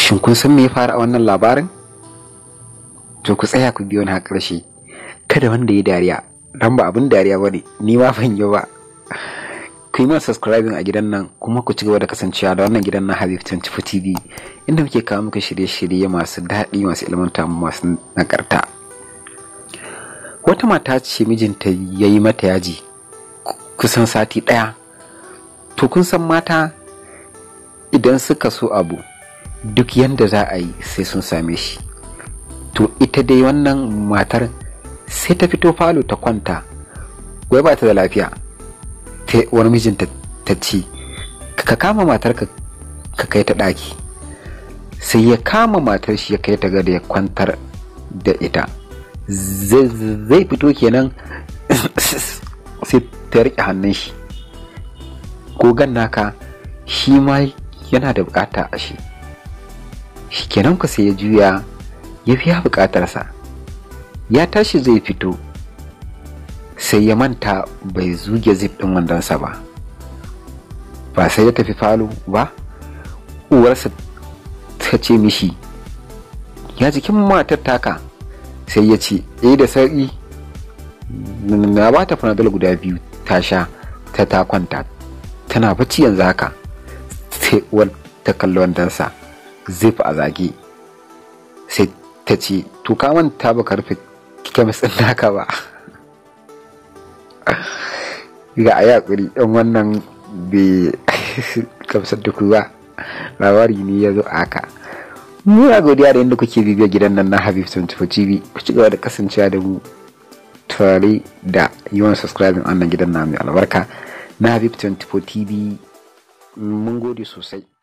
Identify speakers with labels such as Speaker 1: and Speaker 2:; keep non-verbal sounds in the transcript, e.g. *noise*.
Speaker 1: shin kun san me ya fara a wannan labarin to ku tsaya ku biyo ni har ƙarshe kada wanda ya dariya dan ba abin dariya bane ni ma ban yi ba ku yi subscribing a gidan nan kuma ku ci gaba da kasancewa da wannan gidan na Habib fu TV inda muke kawo muku shirye-shirye masu daɗi masu ilmanta masu nagarta wata mata ce mijinta ya yi mata yaji kusan sati ɗaya to kun san mata idan suka so abu duk yadda za a yi sai sun same shi to ita dai wannan matar sai ta fito falo ta kwanta wai ba ta da lafiya ta wani mijinta ta ci ka kama matar ka kai ta ɗaki sai ya kama matar shi ya kai ta gada ya kwantar da ita zai fito kenan *coughs* sai ta riƙe hannun shi gan naka shi ma yana da bukata a shi shikenan ku sai ya juya ya biya buƙatarsa ya tashi zai fito sai ya manta bai zuge zip ɗin wandonsa ba ba sai ya tafi falo ba uwarsa ta ce mishi ya jikin matar taka sai ya ce eh da sauƙi na ba ta fanadol guda biyu ta sha ta takwanta tana bacci yanzu haka sai uwar ta kalli wandonsa zip a zage sai ta ce to ka manta ba karfe kemis ɗin naka ba *laughs* ga a yakuri ɗan wannan bai kamsar *laughs* da ba labari ne ya zo aka muna godiya da yadda kuke bibiyar gidan nan na habib 24 tv ku ci gaba da kasancewa da mu tare da yawan subscribing wannan gidan na mai albarka na habib 24 tv mun gode sosai